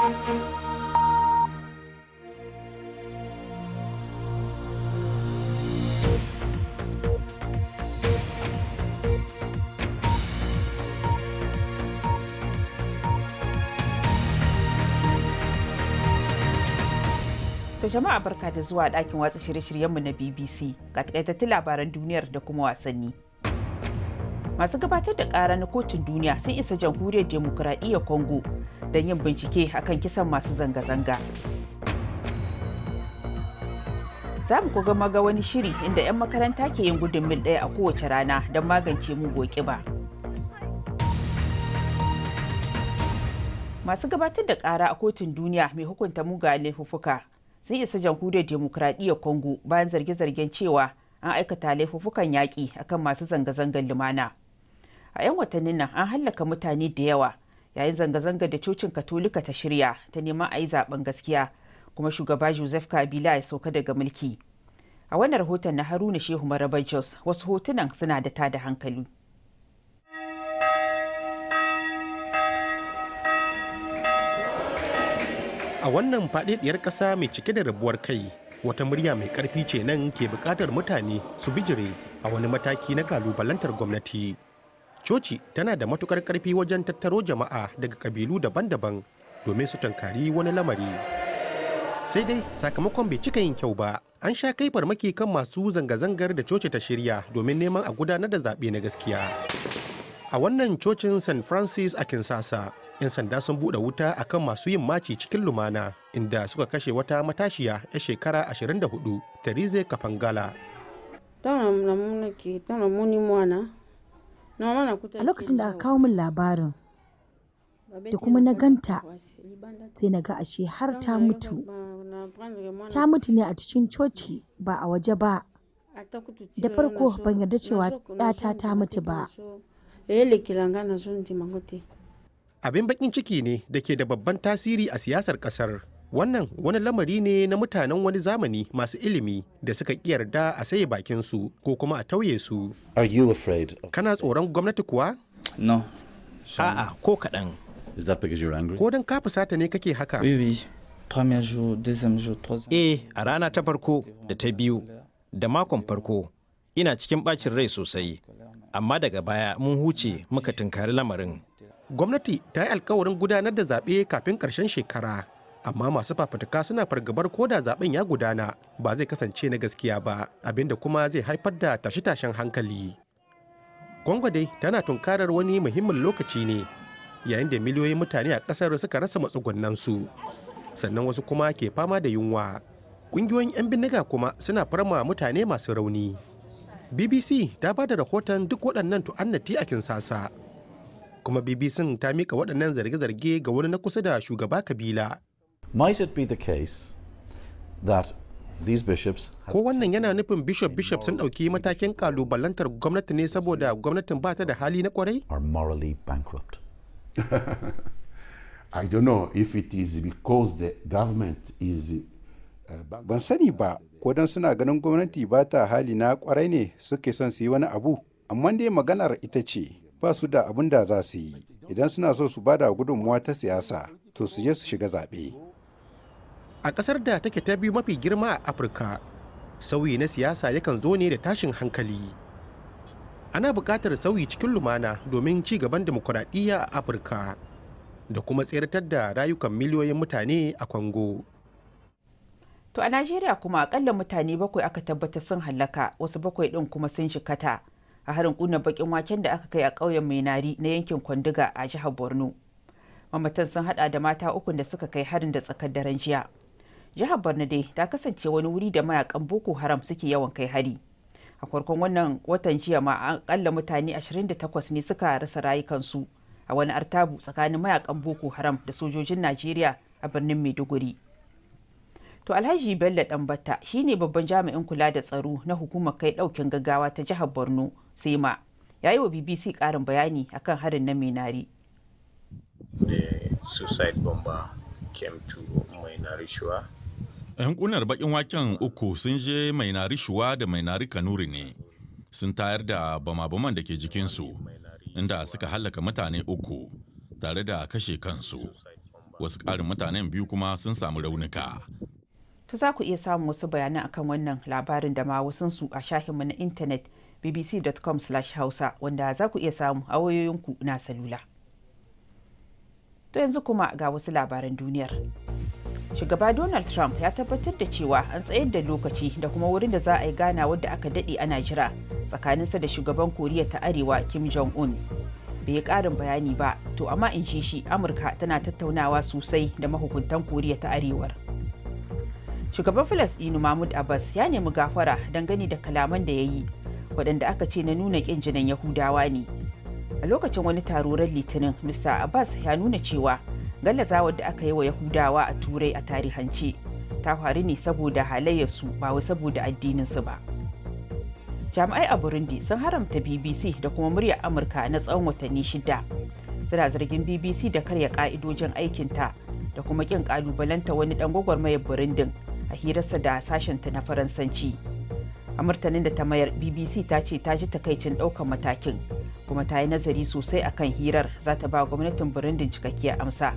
To jama'a barka da zuwa ɗakin watsa shirye-shiryenmu na BBC ga takaitattun labaran duniyar da kuma wasanni. masu gabatar da kara na kotun duniya sun isa jamhuriyar demokuraɗiyyar congo don yin bincike akan kisan masu zanga-zanga za mu gama ga wani shiri inda 'yan makaranta ke yin gudun mil ɗaya a kowace rana don magance mugun ƙiba masu gabatar da kara a kotun duniya mai hukunta muga laifuffuka sun isa jamhuriyar demokuraɗiyyar congo bayan zarge-zargen cewa an aikata laifuffukan yaƙi akan masu zanga zangan lumana a 'yan watannin nan an hallaka mutane da yawa yayin zanga-zanga da cocin katolika ta shirya ta neman a yi zaben gaskiya kuma shugaba joseph kabila ya sauka daga mulki a wannan rahoton na haruna shehu marabar jos wasu hotunan suna da tada hankali a wannan faɗiɗiyar ƙasa mai cike da rabuwar kai wata murya mai ƙarfi ce nan ke buƙatar mutane su bijire a wani mataki na kalubalantar gwamnati coci tana da matukar karfi wajen tattaro jama'a daga kabilu daban-daban domin su tankari wani lamari sai dai sakamakon bai cika yin kyau ba an sha kai farmaki kan masu zanga-zangar da coci ta shirya domin neman a gudanar da zaɓe na gaskiya a wannan cocin st francis a kinsasa 'yan sanda sun buɗe wuta a kan masu yin maci cikin lumana inda suka kashe wata matashiya ya shekara 24 therese kafangala a lokacin da aka kawo min labarin da kuma na ganta sai na ga ashe har ta mutu ta mutu ne a cikin coci ba a waje ba da farko ban yarda cewa ɗata ta mutu ba eh, abin bakin ciki ne da ke da babban tasiri a siyasar ƙasar. wannan wani lamari ne na mutanen wani zamani masu ilimi da suka yarda a saye bakinsu ko kuma a tauye su kana tsoron gwamnati kuwa no a'a ko kaɗan ko don ka fusata ne kake haka eh a rana ta farko da ta biyu da makon farko ina cikin bacin rai sosai amma daga baya mun huce muka tunkari lamarin gwamnati ta yi alkawarin gudanar da zaɓe kafin ƙarshen shekara amma masu fafutuka suna fargabar ko da zaben ya gudana ba zai kasance na gaskiya ba abinda kuma zai haifar da tashe-tashen hankali congo dai tana tunkarar wani muhimmin lokaci ne yayin da miliyoyin mutane a kasar suka rasa matsugunansu sannan wasu kuma ke fama da yunwa ƙungiyoyin 'yan bindiga kuma suna farma mutane masu rauni bbc ta ba da rahoton duk waɗannan tu'annati a kinsasa kuma bbc ta mika waɗannan zarge-zarge ga wani na kusa da shugaba kabila Might it be the case that bishops Ko wannan yana nufin bishop bishop sun ɗauki matakin kalubalantar gwamnati ne saboda gwamnatin ba ta da hali na kwarai? Are morally bankrupt. I don't know if it is because the government is uh, Ban sani ba, ko don suna ganin gwamnati ba ta hali na kwarai ne suke son su yi wani abu, amma dai maganar ita ce ba su da abin da za su yi, idan suna so su ba da gudunmuwa ta siyasa, to su je su shiga zaɓe. a ƙasar da take ta biyu mafi girma a afirka sauyi na siyasa yakan zo ne da tashin hankali ana bukatar sauyi cikin lumana domin ci gaban demokuraɗiyya a afirka da kuma tseratar da rayukan miliyoyin mutane a kwango to a najeriya kuma akalla mutane bakwai aka tabbatar sun hallaka wasu bakwai ɗin kuma sun shikata a harin ƙunar bakin waken da aka kai a ƙauyen mainari na yankin kwandiga a jihar borno mamatan sun hada da mata ukun da suka kai harin da tsakar daren jiya jihar borno dai ta kasance wani wuri da mayakan boko haram suke yawan kai hari a farkon wannan watan jiya ma an kalla mutane 28 ne suka rasa rayukansu a wani artabu tsakanin mayakan boko haram da sojojin najeriya a birnin maiduguri to alhaji bello danbata shine babban jami'in kula da tsaro na hukumar kai daukin gaggawa ta jihar borno sema ya yi wa bbc karin bayani akan harin na minari eh, suicide bomber came to 'yan kunar bakin waken uku sun je mainari shuwa da mainari kanuri ne sun tayar da bama-baman da ke jikinsu inda suka hallaka mutane uku tare da kashe kansu wasu ƙarin mutanen biyu kuma sun samu raunuka to za ku iya samun wasu bayanan akan wannan labarin da ma wasunsu a shahinmu na intanet bbc.com hausa wanda za ku iya samu a wayoyinku na salula to yanzu kuma ga wasu labaran duniyar shugaba donald trump ya tabbatar da cewa an tsayar da lokaci da kuma wurin da za a yi gana wadda aka daɗe ana jira sa da shugaban koriya ta arewa kim jong-un bai yi karin bayani ba to amma in shi shi amurka tana tattaunawa sosai da mahukuntan koriya ta arewar shugaban filas falasɗinu mahmud abbas ya nemi gafara gani da kalaman da ya yi waɗanda aka ce na nuna ƙin jinin yahudawa ne a lokacin wani taro litinin mr abbas ya nuna cewa gallaza da aka yi wa yahudawa a turai a tarihance ta faru ne saboda halayyarsu ba wai saboda addininsu ba jami'ai a burundi sun haramta bbc da kuma muryar amurka na tsawon watanni shida suna zargin bbc da karya ka'idojin aikinta da kuma kin kalubalanta wani dan gwagwarmayar burundin a hirarsa da sashenta na faransanci a martanin da ta mayar bbc ta ce ta ji takaicin ɗaukar matakin kuma ta yi nazari sosai a kan hirar za ta ba gwamnatin burundin cikakkiyar amsa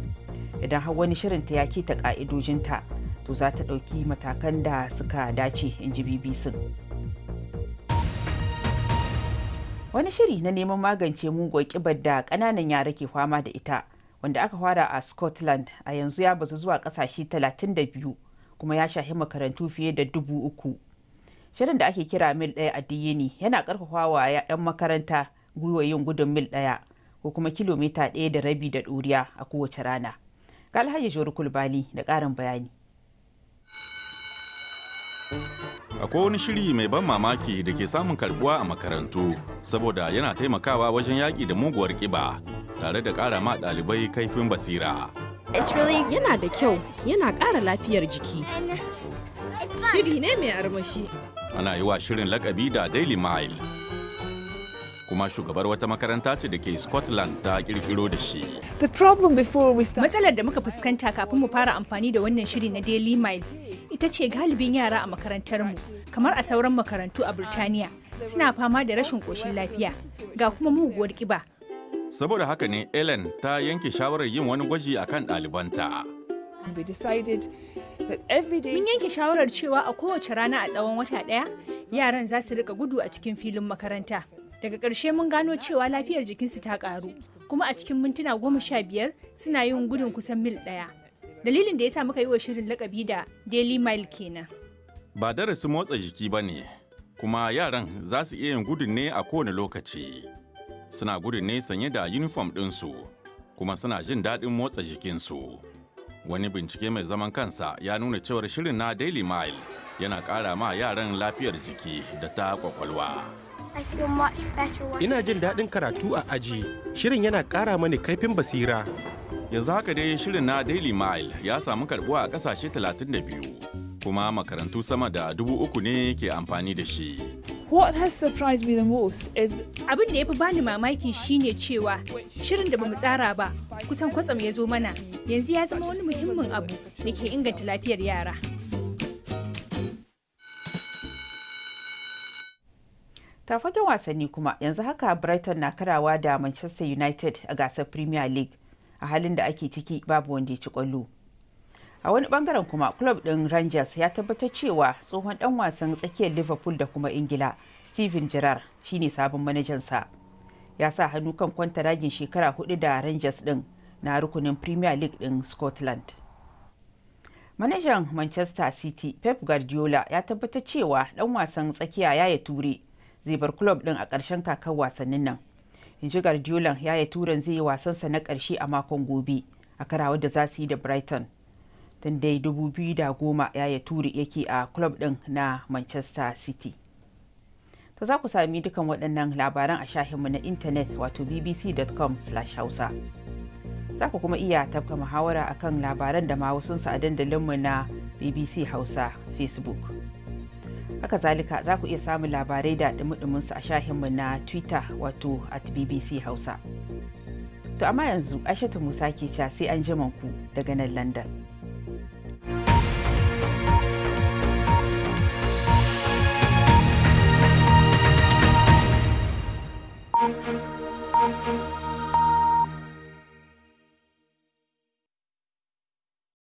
idan har wani shirin ta yaki ta ka'idojinta to za ta ɗauki matakan da suka dace in ji bbc wani shiri na neman magance mugun kibar da ƙananan yara ke fama da ita wanda aka fara a scotland a yanzu ya bazu zuwa ƙasashe 32 kuma ya shahi makarantu fiye da dubu uku shirin da ake kira mil ɗaya a yana ƙarfafa wa 'yan makaranta gwiwa yin gudun mil ɗaya ko kuma kilomita ɗaya da rabi da ɗuriya a kowace rana ga alhaji jori kulbali da ƙarin bayani akwai wani shiri mai ban mamaki da ke samun karbuwa a makarantu saboda yana taimakawa wajen yaƙi da muguwar ƙiba tare da ƙara ma ɗalibai kaifin basira yana da kyau yana ƙara lafiyar jiki shiri ne mai armashi ana yi wa shirin lakabi da daily mile kuma shugabar wata makaranta ce da ke Scotland ta kirkiro da shi. Matsalar da muka fuskanta kafin mu fara amfani da wannan shiri na Daily Mile ita ce galibin yara a makarantar mu kamar a sauran makarantu a Birtaniya suna fama da rashin koshin lafiya ga kuma muguwar ƙiba. Saboda haka ne Ellen ta yanke shawarar yin wani gwaji akan ɗalibanta. Mun yanke shawarar cewa a kowace rana a tsawon wata ɗaya yaran za su rika gudu a cikin filin makaranta. daga ƙarshe mun gano cewa lafiyar jikinsu ta ƙaru kuma a cikin mintuna goma sha biyar suna yin gudun kusan mil ɗaya dalilin da ya sa muka yi wa shirin lakabi da daily mile kenan ba darasi motsa jiki ba ne kuma yaran za su iya yin gudun ne a kowane lokaci suna gudun ne sanye da uniform ɗinsu kuma suna jin daɗin motsa jikinsu wani bincike mai zaman kansa ya nuna cewar shirin na daily mile yana ƙara ma yaran lafiyar jiki da ta ƙwaƙwalwa. Ina jin daɗin karatu a aji. Shirin yana ƙara mani kaifin basira. Yanzu haka dai shirin na Daily Mile ya samu karɓuwa a ƙasashe 32, kuma makarantu sama da dubu uku ne ke amfani da shi. What has most is Abin da ya fi bani mamaki shine cewa shirin da ba mu tsara ba kusan kwatsam ya zo mana yanzu ya zama wani muhimmin abu da ke inganta lafiyar yara. ta wasanni kuma yanzu haka brighton na karawa da manchester united a gasar premier league a halin da ake ciki babu wanda ya ci kwallo a wani bangaren kuma club din rangers ya tabbatar cewa tsohon dan wasan tsakiyar liverpool da kuma ingila steven gerrard shine sabon manajansa ya sa hannu kan kwantaragin shekara hudu da rangers din na rukunin premier league din scotland manajan manchester city pep guardiola ya tabbatar cewa dan wasan tsakiya yaya ture zai club din a karshen kakar wasannin nan in ji guardiola ya yi turan zai yi wasansa na karshe a makon gobe a karawar da za su yi da brighton tun dai 2010 ya yi turi yake a club din na manchester city ta za ku sami dukan waɗannan labaran a shahinmu na intanet wato bbc.com/hausa za ku kuma iya tafka muhawara akan labaran da ma wasunsa a dandalinmu na bbc hausa facebook haka zalika za ku iya samun labarai da dumi su a shahinmu na twitter wato at bbc hausa to amma yanzu aishatu musa ke sai an ku daga nan london